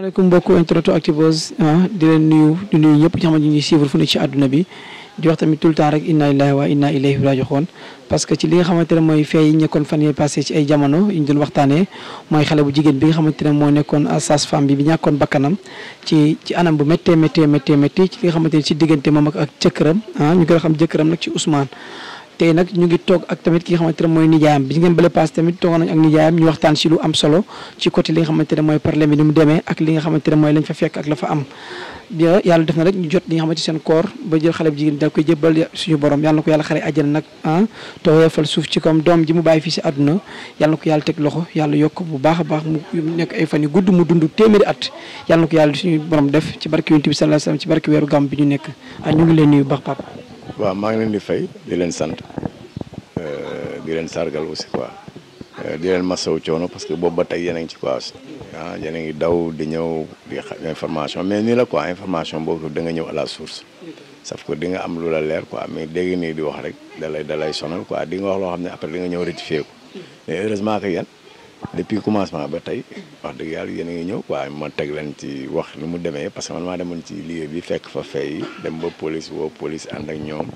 maaleykum mbokku internetu Actubuzz ah, di leen nuyu di ñi xamante ni ñuy suivre fu ne ci àdduna bi di wax tamit tout le temps rek inna lillahi wa inna ilayhi raji'un parce que ci li nga xamante ne mooy fee yi nekkoon fan yee passé ci ay jamono yi ñu doon waxtaanee mooy xale bu jigéen bi nga xamante ne moo nekkoon sage-femme bi bi ñàkkoon bakkanam ci ci anam bu méttee méttee méttee métti ci li nga xamante ne ci diggante moom ak ak jëkkëram ah ñu gën a xam jëkkëram nag ci tey nag ñu ngi toog ak tamit ki nga xamante ne mooy nijaayam bi ngeen bële paas tamit toogoon nañ ak nijaayam ñu waxtaan si lu am solo ci côté li nga xamante ne mooy problème bi ni mu demee ak li nga xamante ne mooy lañ fa fekk ak la fa am yàlla def na rek ñu jot li nga xamante seen koor ba jël xale bu jigéen da koy jébbal suñu borom yàlla na ko yàlla xare àjjana nag ah te woyofal suuf ci comme doom ji mu bàyyi fii si àdduna yàlla na ko yàlla teg loxo yàlla yokk bu baax a baax mu nekk ay fan yu gudd dund téeméeri at yàlla yàlla suñu borom def ci barke yonent bi sallallahu bi ñu nekk ah leen nuyu waaw maa ngi leen di fay di leen sant euh, di leen sargal aussi quoi euh, di leen masaw coono parce que boobu ba tey yéen a ci quoi ah yéen a ngi daw di ñëw di information mais nii la quoi information boobu da nga ñëw à la source saf ko di nga am lu la leer quoi mais dégg nii di wax rek dalay dalay sonal quoi di nga wax loo xam ne après di nga ñëw rectifier ko mais heureusement que yéen depuis commencement ba tey wax dëgg yàlla yéen a ngi ñëw waaye ma teg leen ci wax nu mu demee parce que man maa demoon ci lieu bi fekk fa fay dem ba police woo police ànd ak ñoom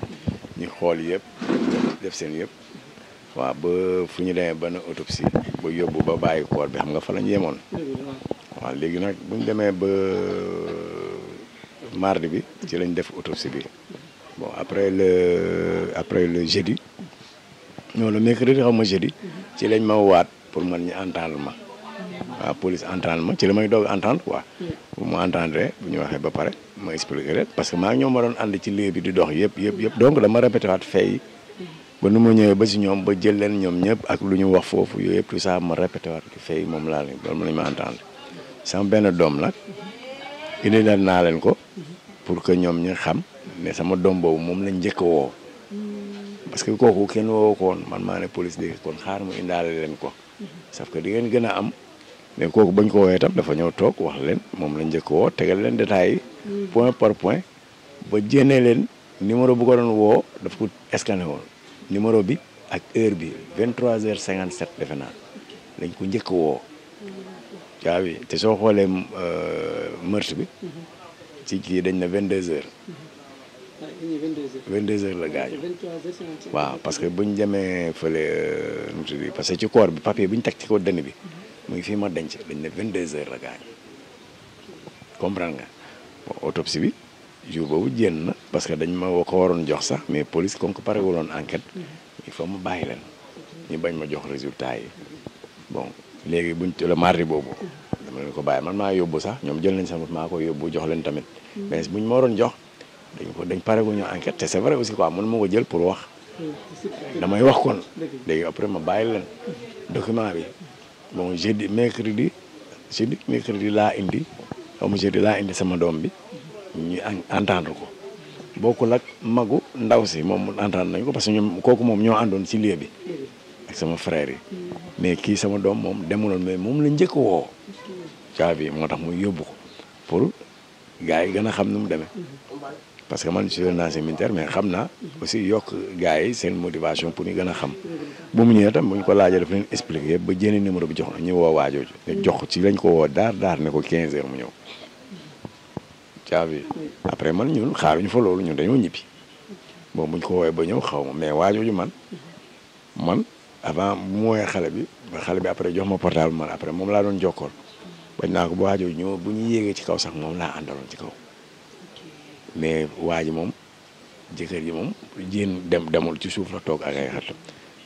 ñu xool yëpp def seen yëpp waaw ba fu ñu demee ba na autopsie ba yóbbu ba bàyyi koor bi xam nga fa lañ yemoon waaw léegi nag buñ demee ba mardi bi ci lañ def autopsie bi bon après le après le jeudi non le xaw ma jeudi ci lañ ma waat pour man ñu entendre ma waaw police entendre ma ci la may doog entendre quoi bu mu entendre bu ñu waxee ba pare ma expliqué parce que maa ñoom ma doon ànd ci lieu bi di dox yëpp yëpp yëpp donc dama répété waat fay ba nu mu ñëwee ba si ñoom ba jël leen ñoom ñëpp ak lu ñu wax foofu yooyu yëpp tout ça ma répété waat ki fay moom laa leen loolu mën nañu ma entendre sama benn doom nag indi leen naa leen ko pour que ñoom ñu xam ne sama doom boobu moom lañ njëkk woo mm. parce que kooku kenn woo ko woon man maa ne police dégg kon xaar mu indaale leen ko sauf que di ngeen gën a am mais kooku bañ ko woowee tam dafa ñëw toog wax leen moom lañ njëkk woo tegal leen détails yi mm. point par point ba jénnee leen numéro bu ko doon woo daf ko scanné woon numéro bi ak heure bi 23 heures 57 defe naa lañ ko njëkk woo caabi te soo xoolee euh, meurtre bi mm-hmm. ci kii dañ na 22 heures mm-hmm. 22 heures la gaañu waaw parce que buñ demee fële euh, nu mu parce que ci corps bi papier bi ñu teg ci ko dënn bi mhm. muy fii ma denc dañ ne 22 heures la gaañu comprendre nga bon autopsie bi jour boobu jénn na parce que dañ ma ko waroon jox sax mais police comme que pare wuloon enquête il faut ma bàyyi leen ñu bañ ma jox résultat yi bon léegi buñ la mardi boobu mhm. dama leen ko bàyyi man maa yóbbu sax ñoom jël nañ sama maa ko yóbbu jox leen tamit mhm. mais buñ ma waroon jox dañ ko dañ pare guñu enquête te c'est vrai ko quoi man ma ko jël pour wax damay wax kon léegi après ma bàyyi leen document bi bon jeudi mercredi jeudi mercredi laa indi xaw ma laa indi sama doom bi ñu entendre ko bokkul ak magu ndaw si moom mun entendre nañ ko parce que ñoom kooku moom ñoo àndoon ci lieu bi ak sama frère yi mais kii sama doom moom demuloon mais moom la njëkk woo caabi moo tax mu yóbbu ko pour gars yi gën a xam ni mu demee parce que man je suis un ancien militaire mais xam naa aussi yokk gars yi seen motivation pour ñu gën a xam bu mu ñëwee tam bu ñu ko laajee daf leen expliqué yëpp ba jënd numéro bi jox na ñu woo waajooju jox ci lañ ko woo daar daar ne ko 15 heures mu ñëw caabi après man ñun xaaruñu fa loolu ñun dañoo ñibbi bon buñ ko woowee ba ñëw xaw ma mais waajooju man man avant bu xale bi xale bi après jox ma portable man après moom laa doon jokkoon bañ naa ko ba waajooju ñëw bu ñu yéegee ci kaw sax moom laa àndaloon ci kaw mais waa moom jëkkër ji moom jéen dem demul ci suuf la toog ak ay xaritam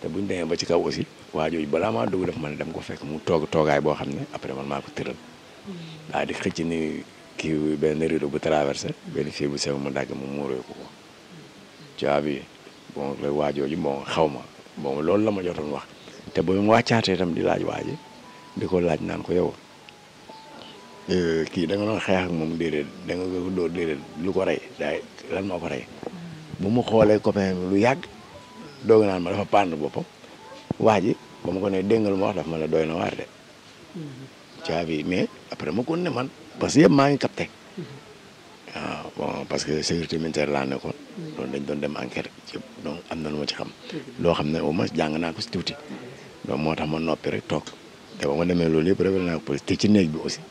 te buñ demee ba ci kaw aussi waa jooju balaa maa dugg def man dem ko fekk mu toog toogaay boo xam ne après man maa ko tëral hmm. daa di xëcc ni kii benn rido bu traversé benn fii bu sew mu dagg mu muuree ko ko caa bi bon la waa jooju bon xaw ma bon loolu la ma jotoon wax te ba mu wàccaatee itam di laaj waa ji di ko laaj naan ko yow Euh, kii da nga doon xeex ak moom déedéet da nga ko lu ko rey daay lan moo ko rey bu mu xoolee copain lu yàgg doog naan ma fa pànn boppam waa ji ba ma ko ne déngal ma wax dafa ma la doy na waar de mm-hmm. caabi mais après ma kon ne man parce que yëpp maa ngi capté waaw mm-hmm. ah, bon parce que sécurité militaire laa nekkoon mm-hmm. loolu dañ doon dem enquête yëpp donc am na lu ma ci xam loo xam ne au moins jàng naa ko si tuuti donc moo tax ma noppi rek toog te ba ma demee loolu yëpp révélé naa ko police te ci néeg bi aussi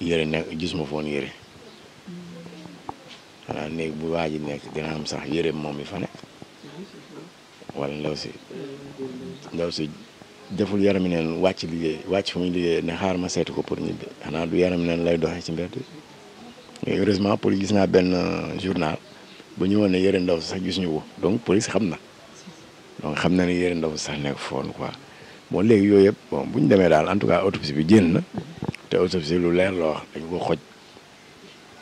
yére nekk gis ma foon yére xanaa néeg bu waa ji nekk dina am sax yére moom bi fa nekk wala ndaw si ndaw si deful yaram neen wàcc liggéey wàcc fu muy liggéey ne xaar ma seetu ko pour ñibbi xanaa du yaram neen lay doxee ci mbedd mais heureusement police gis naa benn euh, journal bu ñu woon ne yére ndaw sax gis ñu ko donc police xam na donc xam na ne yére ndaw sax nekk foon quoi bon léegi yooyu yëpp bon bu ñu demee daal en tout cas autopsie bi génn na te autopsie lu leer la wax dañ ko xoj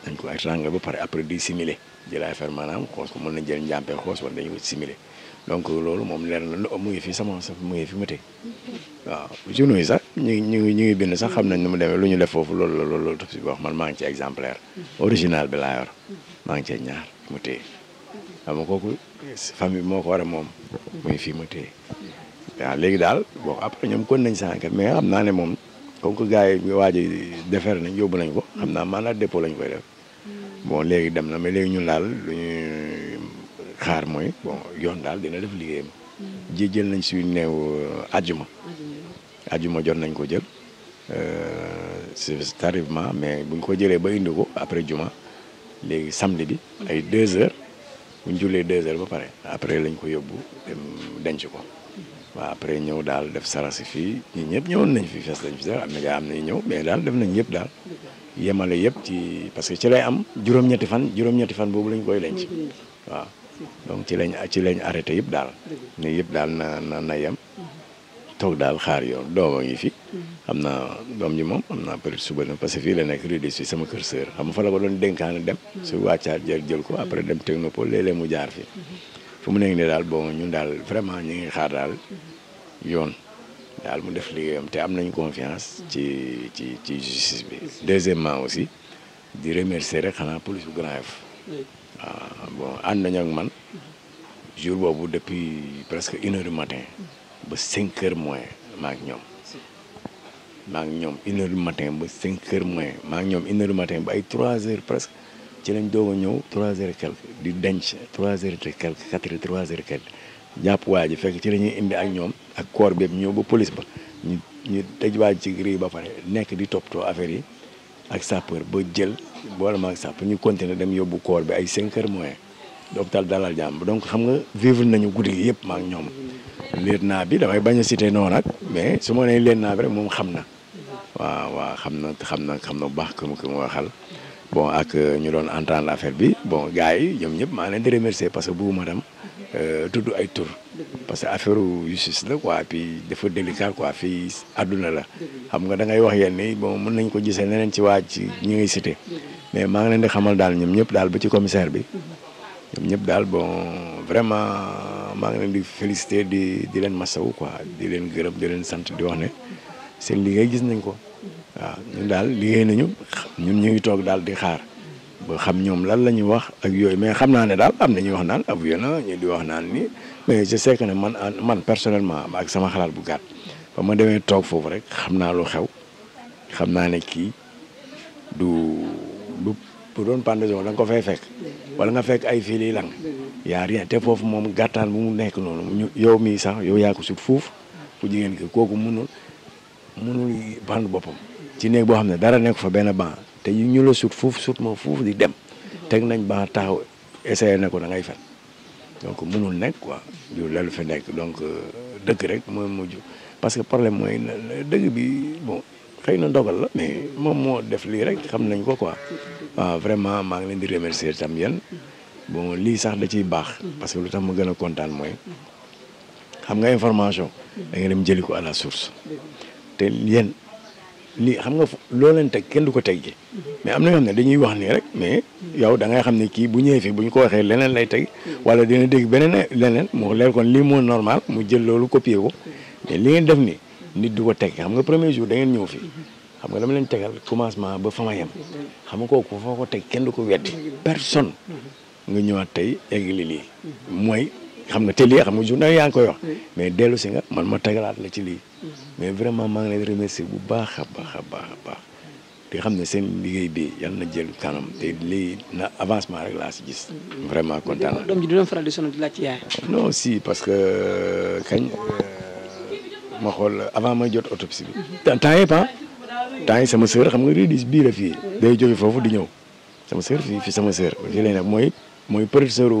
dañ ko étranglé ba pare après di similé jël affaire maanaam xoos ko mën na jël njàmpee xoos wala dañu ko similé donc loolu moom leer na mu ngi fi semence mu fi mu tey waaw journaux yi sax ñu ngi ñu ngi bind sax xam nañ nu mu demee lu ñu def foofu loolu la loolu autopsie bi wax man maa ngi ci exemplaire original bi laa maa ngi cee ñaar mu téye xam nga kooku famille moo ko a moom muy fi mu téye léegi daal bon après ñoom kon nañ sànq mais xam naa ne moom. donc gars yi waaj defar nañ yóbbu nañ ko xam naa maanaam dépôt lañ koy def bon léegi dem na mais léegi ñun laal lu ñuy xaar mooy bon yoon daal dina def liggéeyam. ji jël nañ new suñu néew ajuma. Euh, ajuma jot nañ ko jël euh, c'est tardivement mais buñ ko jëlee ba indi ko après juma léegi samedi bi. ay deux heures buñ jullee deux heures ba pare après lañ ko yóbbu denc ko. waaw après ñëw daal def sarasi fii ñi ñëpp ñëwoon nañ fi fees lañ fi sax am na gaa nañ ñëw mais daal def nañ yëpp daal yemale yëpp ci parce que ci lay am juróom fan juróom fan boobu lañ koy denc waaw donc ci lañ ci lañ arrêté yëpp daal ne yëpp daal na na na yem toog daal xaar yoon doom a fi mm-hmm. am na doom ji moom am na peut-être suba na parce que fii nekk rue des sama kër sœur xam nga fa la ko doon dénkaane dem mm-hmm. su wàccaat jël ko après mm-hmm. dem technopole léeg-léeg mu jaar fi fu mu nekk nii daal boo ñun daal vraiment ñu ngi xaar daal yoon daal mu def liggéeyam te am nañu confiance ci ci ci justice bi deuxièmement aussi di remercier rek xanaa police bu Grand Yoff ah, bon ànd nañu ak man jour boobu depuis presque une heure du matin ba cinq heures moins maa ngi ñoom maa ñoom une heure du matin ba cinq heures moins maa ñoom une heure matin ba ay trois heures presque ci lañ doog a ñëw trois heures di denc trois heures et quelque quatre heures jàpp waa ji fekk ci la ñuy indi ak ñoom ak corps bi ñëw ba police ba ñu ñu tëjwaaj ci gri ba pare nekk di toppatoo affaire yi ak sapeur ba jël boole ma ak sapeur ñu continuer dem yóbbu corps bi ay 5 heures moins hôpital Dalal Jàmm donc xam nga vivre nañu guddi yëpp ma ak ñoom. lieutenant bi dafay bañ a cité noonu nag mais su ma nee lieutenant bi rek moom xam na waaw waaw xam na xam na xam na bu baax que mu ma waxal. bon ak euh, ñu doon entendre affaire bi bon gars yi ñoom ñëpp maa leen di remercier parce que bugguma dem euh, tudd ay tur parce que affaire justice la quoi puis dafa délicat quoi fi àdduna la xam nga da ngay wax yenn yi bon mën nañ ko gisee neneen ci waa ci ñi ngay cité mais maa ngi leen di xamal daal ñoom ñëpp daal ba ci commissaire bi ñoom ñëpp daal bon vraiment maa ngi leen di féliciter di di leen masawu quoi di leen gërëb di leen sant di wax ne seen liggéey gis nañ ko waaw ñun daal liggéey nañu ñun ñu ngi toog daal di xaar ba xam ñoom lan la ñuy wax ak yooyu mais xam naa ne daal am na ñuy wax naan avoué na ñu di wax naan ni mais je sais que ne man man personnellement ak sama xalaat bu gàtt ba ma demee toog foofu rek xam naa loo xew xam naa ne kii du du bu doon pendaison da nga ko fay fekk wala nga fekk ay fii liy lang yaa rien te foofu moom gàttaan bu mu nekk noonu ñu yow mii sax yow yaa ko sut fuuf ku jigéen ki kooku munul munul band boppam ci néeg boo xam ne dara nekk fa benn ban te ñu la sut fuuf sut ma fuuf di dem teg nañ ba taxaw essayé na ko da ngay fen donc mënul nekk quoi yu lu fi nekk donc euh, dëkk rek mooy mujj parce que problème mooy dëgg bi bon xëy na dogal la mais moom moo def lii rek xam nañ ko quoi waaw vraiment maa ngi leen di remercier tam yéen boo lii sax da ciy baax parce que lu tax ma gën a kontaan mooy xam nga information da nga dem jëli ko à la source te yéen lii xam nga loo leen teg kenn du ko teg ji mais am na ñoo xam ne dañuy wax nii rek mais yow da ngay xam ne kii bu ñëwee fii bu ñu ko waxee leneen lay teg wala dina dégg beneen leneen mu leer kon lii moo normal mu jël loolu copier ko mais li ngeen def ni nit du ko teg xam nga premier jour da ngeen ñëw fii xam nga dama leen tegal commencement ba fa ma yem xam nga kooku foo ko teg kenn du ko weddi personne nga ñëwaat tey eggali lii mooy xam nga te lii xam nga journée yaa ngi koy wax mais dellu si nga man ma tegalaat la ci lii mais vraiment maa ngi leen remercier bu baax a baax a baax a baax te xam ne seen liggéey bi yàlla na jël kanam te lii na avancement rek laa si gis. vraiment kontaan naa. doom faral di sonn di laaj ci yaay. non si parce que euh, kañ euh, ma xool avant may jot autopsie bi. Mhm. temps yëpp ah temps yi sama sœur xam nga rédis biir a fii. day jóge foofu di ñëw sama sœur fii fii sama sœur fii lay nekk mooy mooy professeur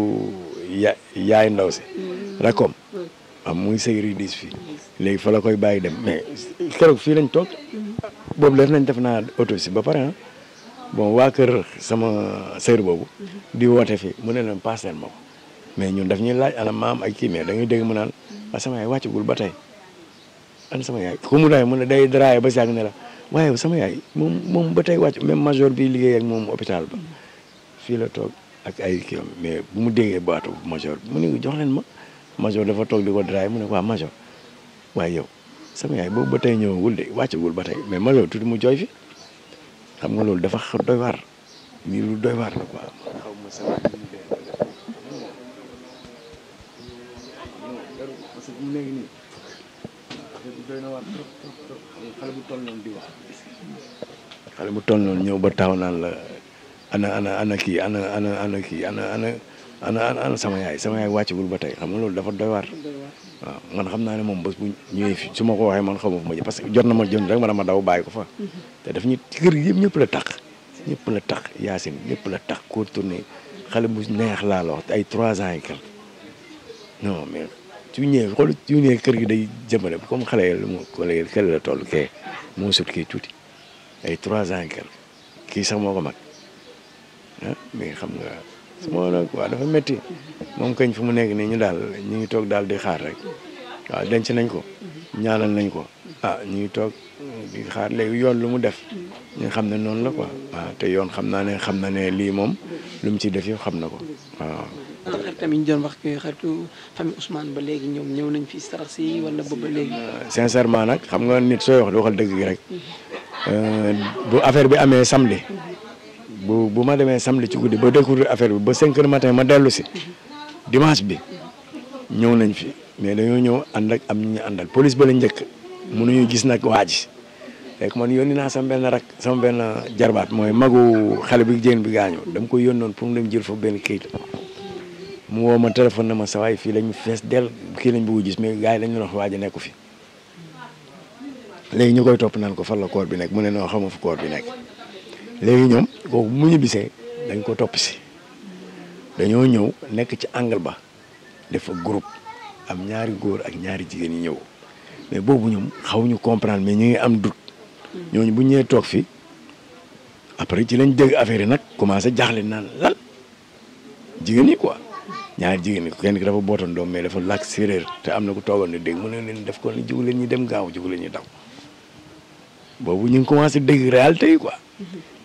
ya yaay ndaw si. Mhm. rakom am mhm. ah, muy sëy rédis fii. léegi fa la koy bàyyi dem mais keroog fii lañ toog boobu def nañ def naa autopsie ba pare ah bon waa kër sama sër boobu di woote fi mu ne leen paaseel ma ko mais ñun daf ñuy laaj ana maam ak kii mais da ngay dégg mu naan ah sama yaay wàccagul ba tey an sama yaay ku mu daay mu ne day daraaye ba sàgg ne la waaye sama yaay moom moom ba tey wàcc même major bi liggéey ak moom hôpital ba fii la toog ak ay kii mais bu mu déggee baatu major bi mu ne jox leen ma major dafa toog di ko daraaye mu ne waa major waaye yow sama yaay boobu ba tey ñëwagul de wàccagul ba tey mais ma loolu tuuti mu jooy fi xam nga loolu dafa xaw doy waar nii lu doy waar la quoi. xale bu toll noonu di wax. xale bu toll noonu ñëw ba taw naan la ana ana ana kii ana ana ana kii ana ana ana ana sama yaay sama yaay wàccagul ba tey xam nga loolu dafa doy waar. waaw man xam naa ne moom bés bu ñëwee fi su ma ko waxee man xaw ma fu ma jëm parce que jot na ma jëm rek ma dama daw bàyyi ko fa. te daf ñu ci kër yëpp ñëpp la tax. ñëpp la tax Yacine ñëpp la tax koo tourné xale bu neex laa la ay trois ans et quelques non mais su ñëwee xool su kër gi day jëmbale comme xale yi la xale la toll kee moo sut tuuti ay trois ans et kii sax moo ko mag ah mais nga. moo nag waaw dafa metti moom kañ fu mu nekk nii ñu daal ñu ngi toog daal di xaar rek waaw denc nañ ko ñaanal nañ ko ah ñu ngi toog di xaar léegi yoon lu mu def ñu xam ne noonu la quoi waaw te yoon xam naa ne xam na ne lii moom lu mu ci def yëpp xam na ko waaw xaritam yi ñu doon wax ba léegi ñoom ñëw nañ fi si wala ba léegi euh, sincèrement nag xam nga nit soo wax di waxal dëgg gi rek euh, bu affaire bi amee samedi bu bu ma demee samedi ci guddi ba découvrir affaire bi ba 5 heures matin ma dellu si dimanche bi ñëw nañ fi mais dañoo ñëw ànd ak am ñu àndal police ba la njëkk mënuñu gis nag waa ji fekk man naa sama benn rak sama benn jarbaat mooy magu xale bi jigéen bi gaañu dama koy yónnoon pour mu dem jël fa benn këyit mu woo ma téléphone na ma sa waay fii la ñu fees del kii lañ bëgg gis mais gars yi lañu wax waa ji nekku fi léegi ñu koy topp naan ko fan la koor bi nekk mu ne noo xamu fu koor bi nekk léegi ñoom kooku mu ñu bisee dañ ko topp si dañoo ñëw nekk ci angle ba dafa groupe am ñaari góor ak ñaari jigéen yi ñëw mais boobu ñoom xawuñu comprendre mais ñu ngi am doute ñooñu bu ñëwee toog fi après ci lañ dégg affaire yi nag commencé jaaxle naan lan jigéen yi quoi ñaari jigéen yi kenn ki dafa bootoon doom mais dafa làkk séeréer te am na ku toogoon ne dégg mu ne leen def ko ne jóg leen ñu dem gaaw jóg leen ñu daw boobu ñu ngi commencé dégg réalité yi quoi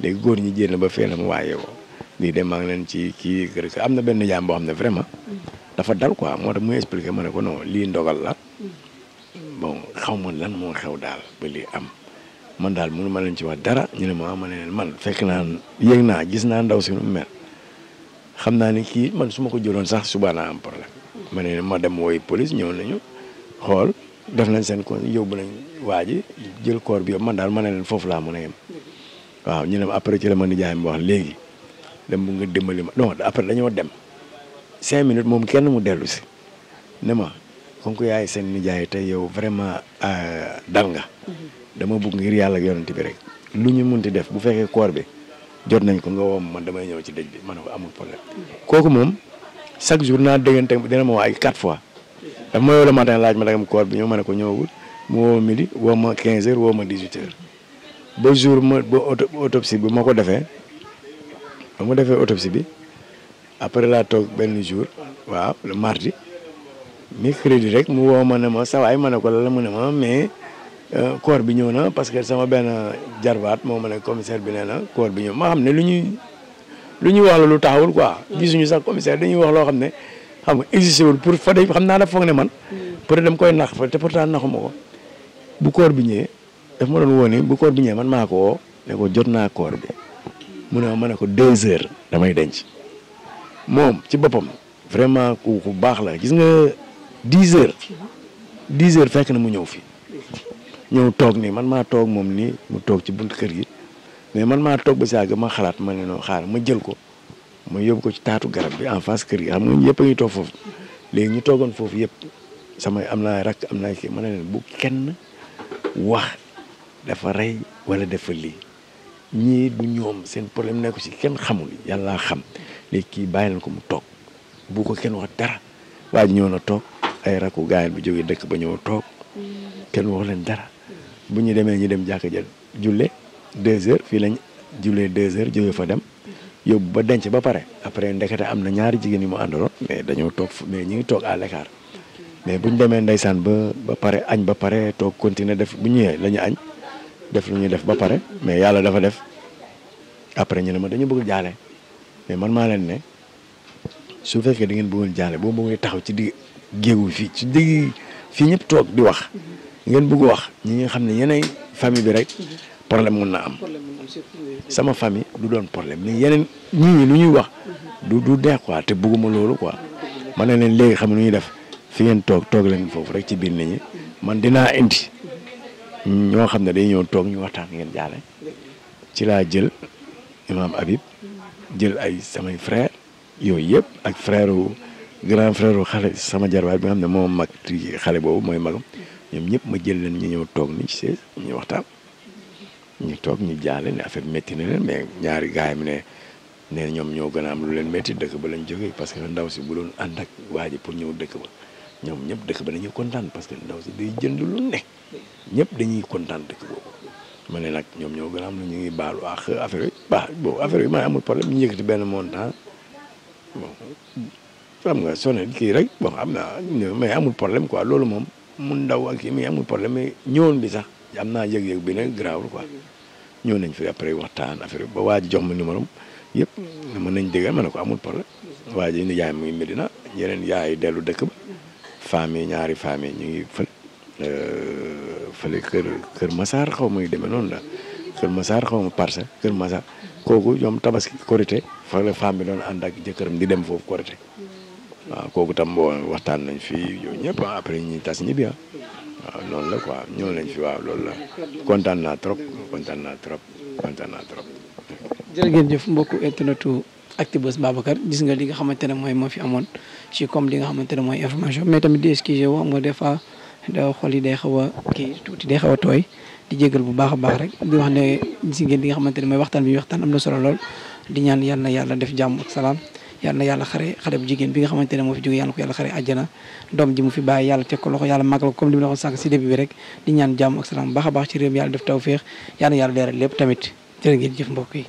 léegi góor ñi jénn ba fee na mu waaye woo lii de maa ngi leen ci kii kër am na benn jaam boo xam ne vraiment dafa dal ko quoi moo tax muy expliqué ma ne ko non lii ndogal la bon xaw ma lan moo xew daal ba lii am man daal mënu ma leen ci wax dara ñu ne ma ma ne leen man fekk naa yëg naa gis naa ndaw si nu mel xam naa ni kii man su ma ko jëloon sax suba naa am problème ma ne ma dem woy police ñëw nañu xool def nañ seen ko bu nañ waa ji jël koor bi yóbbu man daal ma ne leen foofu laa mën a yem waaw ñu ne ma après ci ma nijaay mi wax léegi dem bu nga dimbali ma non après dañoo dem cinq minutes moom kenn mu dellu si ne ma kon ko yaay seen nijaay te yow vraiment euh, dal nga dama bëgg ngir yàlla ak yonent bi rek lu ñu ti def bu fekkee koor bi jot nañ ko nga woo man damay ñëw ci dëj bi man ne ko amul problème kooku moom chaque jour naa déggante dina ma wax ay quatre fois daf ma yow le laaj ma dagam koor bi ñëw ma ne ko ñëwagul mu woo midi woo ma 15 heures woo ma 18 heures ba jour ma ba autopsie bi ma ko defee ba ma defee autopsie bi après laa toog benn jour waaw le mardi mercredi rek mu woo ma ne ma sawaay ma ne ko la la mu ne ma mais corps euh, bi ñëw na parce que sama benn jarbaat moo ma ne commissaire bi nee na corps bi ñëw ma xam ne lu ñuy lu ñuy wax la lu taxawul quoi hmm. gisuñu sax commissaire dañuy wax loo xam ne xam nga existé wul pour fa xam naa dafa foog ne man. peut-être dama koy nax fa te pourtant naxuma ko. bu koor bi ñëwee daf ma doon woo ni bu koor bu ñëwee man maa ko woo ko jot naa koor bi mu ne ma ne ko deux heures damay denc moom ci boppam vraiment ku ku baax la gis nga dix heures dix heures fekk na mu ñëw fii. ñëw toog nii man maa toog moom nii mu toog ci buntu kër gi mais man maa toog ba si àgg ma xalaat ma ne noo xaar ma jël ko. mooy yóbbu ko ci taatu garab bi en face kër gi xam nga yëpp a ngi toog foofu léegi ñu toogoon foofu yëpp sama am na rakk am na kii ma ne leen bu kenn wax dafa rey wala dafa lii ñii du ñoom seen problème nekku ci kenn xamul yàlla xam léegi kii bàyyi leen ko mu toog bu ko kenn wax dara waa ji ñëw na toog ay rakku gaayal bu jógee dëkk ba ñëw toog kenn wax leen dara bu ñu demee ñu dem jàkka jël julle deux heures fii lañ jullee deux heures jóge fa dem yóbbu ba denc ba pare après ndekete am na ñaari jigéen yi mu àndaloon mais dañoo toog mais ñu ngi toog à l'écart mais bu ñu demee ndeysaan ba ba pare añ ba pare toog continuer def bu ñëwee lañu añ def lu ñuy def ba pare mais yàlla dafa def après ñu ne ma dañu bëgg jaale mais man maa leen ne su fekkee da ngeen bëggoon jaale boo bëggee taxaw ci digg géewu fii ci digg fii ñëpp toog di wax ngeen bëgg wax ñi nga xam ne yeneen famille bi rek problème mun na am sama famille du doon problème mais yeneen ñii ñi lu ñuy wax du du neex te bugguma loolu quoi ma ne leen léegi xam ne lu ñuy def fi ngeen toog toog leen foofu rek ci biir ni ñi man dinaa indi ñoo xam ne day ñëw toog ñu waxtaan ngeen jaare ci laa jël imam Habib jël ay samay frère yooyu yëpp ak frère grand frère sama jarbaay bi xam ne moom mag xale boobu mooy magam ñoom ñëpp ma jël leen ñu ñëw toog ni ci sees ñu waxtaan ñu toog ñu jaale ne affaire métti na leen mais ñaari gaay mi ne ne ñoom ñoo gën a am lu leen métti dëkk ba lañ jógee parce que ndaw si bu doon ànd ak waa ji pour ñëw dëkk ba ñoom ñëpp dëkk ba dañuy kontaan parce que ndaw si day jënd lu ne ñëpp dañuy kontaan dëkk boobu. ma ne nag ñoom ñoo gën a am lu ñu ngi baalu ak affaire yi baax boobu affaire yi maa amul problème ñu yëkkati benn montant bon xam nga sonné kii rek bon am na mais amul problème quoi loolu moom mun ndaw ak kii mais amul problème mais ñëwoon bi sax am naa yëg-yëg bi ne garaawul quoi. ñëw nañ fi après waxtaan affaire ba waa ji jox ma numéro am yëpp mm. mën nañ déggal ma ne ko amul problème mm. waa ji ni yaay mu ngi Medina yeneen yaay dellu dëkk ba mm. yi ñaari famille ñu ngi fële euh, fële kër kër Massar xaw ma demee noonu la kër Massar xaw ma Parcelles kër Massar kooku ñoom tabaski korité fa la bi doon ànd ak jëkkëram di dem foofu korité waaw kooku tam boo waxtaan nañ fi yooyu ñëpp après ñi tas ñibbi ah waaw loolu la quoi ñëw nañ fi waaw loolu la kontaan naa trop kontaan naa trop kontaan naa trop. jërë ngeen jëf mbokku internetu Actubuzz Babacar gis nga li nga ne mooy moo fi amoon ci comme li nga xamante ne mooy information mais tamit di excuse wu xam nga des fois da xool yi day xaw a kii tuuti day xaw a tooy di jégal bu baax a baax rek di wax ne gis ngeen li nga xamante ne mooy waxtaan bi waxtaan am na solo lool di ñaan yàlla na yàlla def jàmm ak salaam. yal na yàlla xare xale bu jigéen bi nga xamante ne moo fi jóge yàlla ko yàlla xare àjjana doom ji mu fi bàyyi yàlla teg ko loxo yàlla màggal ko comme li mu la waxoon si début bi rek di ñaan jàmm ak salaam baax a baax ci réew mi yàlla def tawféex yal na yàlla leeral lépp tamit jërë ngeen jëf mbokk